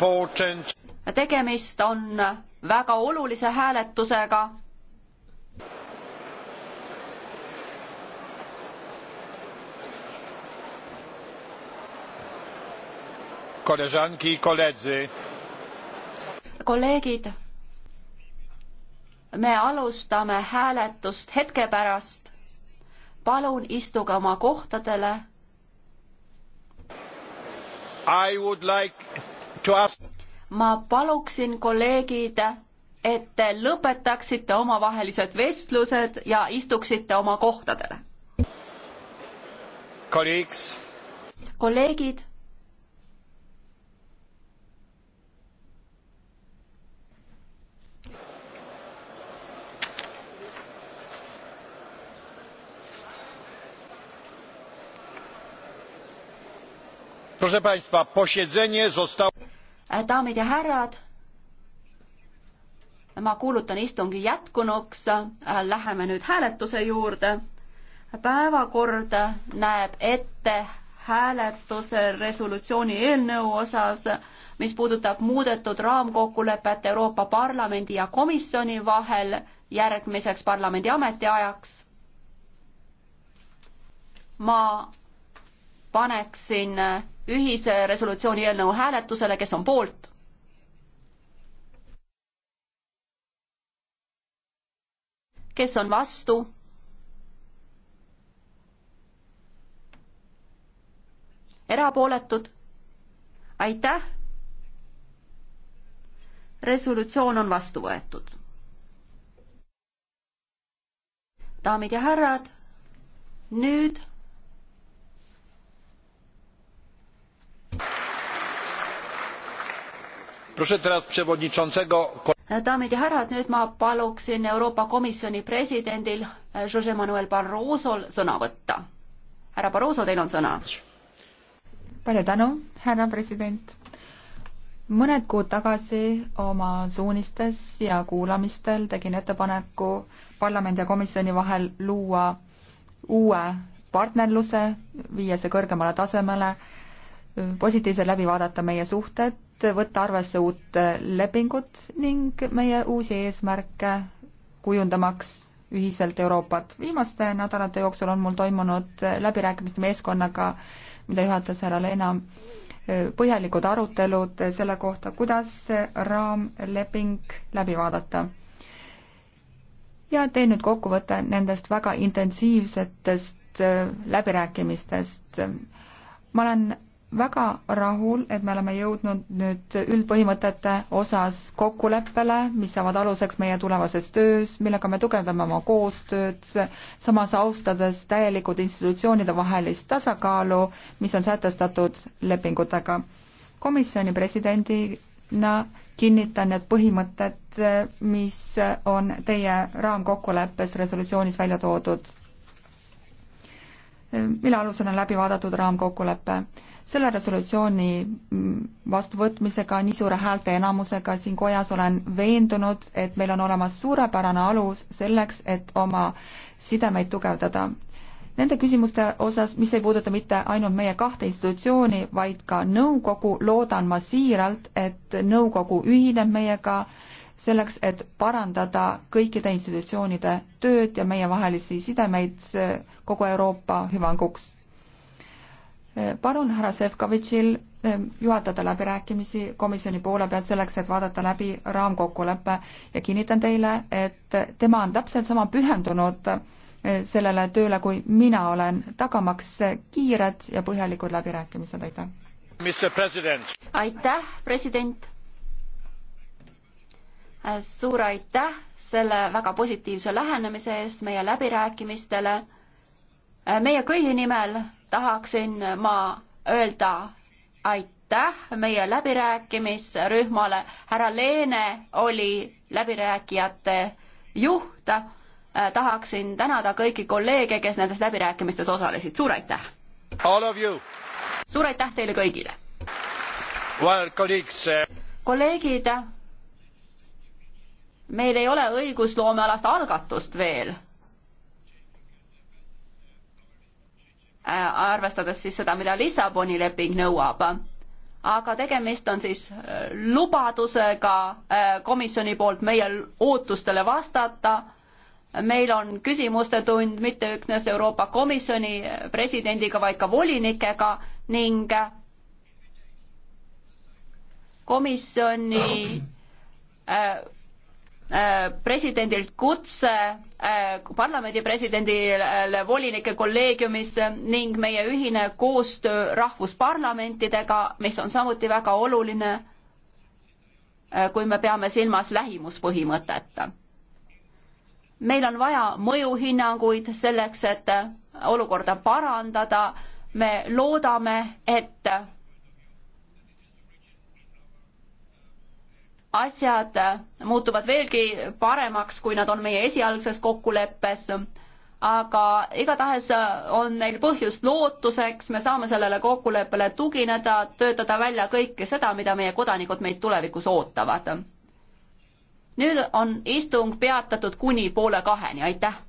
important... tegemist on väga olulise hääletusega. kolleegid, me alustame hääletust hetke pärast. palun istuge oma kohtadele. I would like ma paluksin, kolleegid, et te lõpetaksite omavahelised vestlused ja istuksite oma kohtadele. kolleegid proszę państwa posiedzenie zostało daamid ja härrad, ma kuulutan istungi jätkunuks, läheme nüüd hääletuse juurde. päevakord näeb ette hääletuse resolutsiooni eelnõu osas, mis puudutab muudetud raamkokkulepet Euroopa Parlamendi ja Komisjoni vahel järgmiseks parlamendi ametiajaks. ma paneksin ühise resolutsiooni eelnõu hääletusele, kes on poolt? kes on vastu? erapooletud? aitäh! resolutsioon on vastu võetud. daamid ja härrad, nüüd daamid ja härrad, nüüd ma paluksin Euroopa Komisjoni presidendil eh, Jose Manuel Barrosol sõna võtta. härra Barroso, teil on sõna. palju tänu, härra president. mõned kuud tagasi oma suunistes ja kuulamistel tegin ettepaneku parlamendi ja komisjoni vahel luua uue partnerluse, viia see kõrgemale tasemele positiivselt läbi vaadata meie suhted, võtta arvesse uut lepingut ning meie uusi eesmärke kujundamaks ühiselt Euroopat. viimaste nädalate jooksul on mul toimunud läbirääkimiste meeskonnaga, mida juhatas härra Leena, põhjalikud arutelud selle kohta, kuidas raamleping läbi vaadata. ja teen nüüd kokkuvõtte nendest väga intensiivsetest läbirääkimistest. ma olen väga rahul, et me oleme jõudnud nüüd üldpõhimõtete osas kokkuleppele, mis saavad aluseks meie tulevases töös, millega me tugevdame oma koostööd, samas austades täielikult institutsioonide vahelist tasakaalu, mis on sätestatud lepingutega. komisjoni presidendina kinnitan need põhimõtted, mis on teie raamkokkuleppes resolutsioonis välja toodud mille alusel on läbi vaadatud raamkokkulepe selle resolutsiooni mm, vastuvõtmisega, nii suure häälteenamusega siin kojas olen veendunud, et meil on olemas suurepärane alus selleks, et oma sidemeid tugevdada. Nende küsimuste osas, mis ei puuduta mitte ainult meie kahte institutsiooni, vaid ka nõukogu, loodan ma siiralt, et nõukogu ühineb meiega selleks, et parandada kõikide institutsioonide tööd ja meievahelisi sidemeid eh, kogu Euroopa hüvanguks Eh, palun härra Sefkovitšil eh, juhatada läbirääkimisi komisjoni poole pealt selleks, et vaadata läbi raamkokkulepe ja kinnitan teile, et tema on täpselt sama pühendunud eh, sellele tööle, kui mina olen, tagamaks kiired ja põhjalikud läbirääkimised, aitäh. aitäh, president. suur aitäh selle väga positiivse lähenemise eest meie läbirääkimistele. meie kõigi nimel tahaksin ma öelda aitäh meie läbirääkimisrühmale. härra Leene oli läbirääkijate juht. Äh, tahaksin tänada kõiki kolleege, kes nendes läbirääkimistes osalesid. suur aitäh! suur aitäh teile kõigile! Uh, kolleegid, meil ei ole õigusloomealast algatust veel Äh, arvestades siis seda, mida Lissaboni leping nõuab. aga tegemist on siis äh, lubadusega äh, komisjoni poolt meie ootustele vastata meil on küsimuste tund mitte üksnes Euroopa Komisjoni presidendiga, vaid ka volinikega ning komisjoni Äh, presidendilt kutse äh, parlamendi presidendile volinike kolleegiumisse ning meie ühine koostöö rahvusparlamentidega, mis on samuti väga oluline, äh, kui me peame silmas lähimuspõhimõtet. meil on vaja mõjuhinnanguid selleks, et olukorda parandada, me loodame, et asjad muutuvad veelgi paremaks, kui nad on meie esialgses kokkuleppes. aga igatahes on neil põhjust lootuseks, me saame sellele kokkuleppele tugineda, töötada välja kõike seda, mida meie kodanikud meid tulevikus ootavad. nüüd on istung peatatud kuni poole kaheni, aitäh!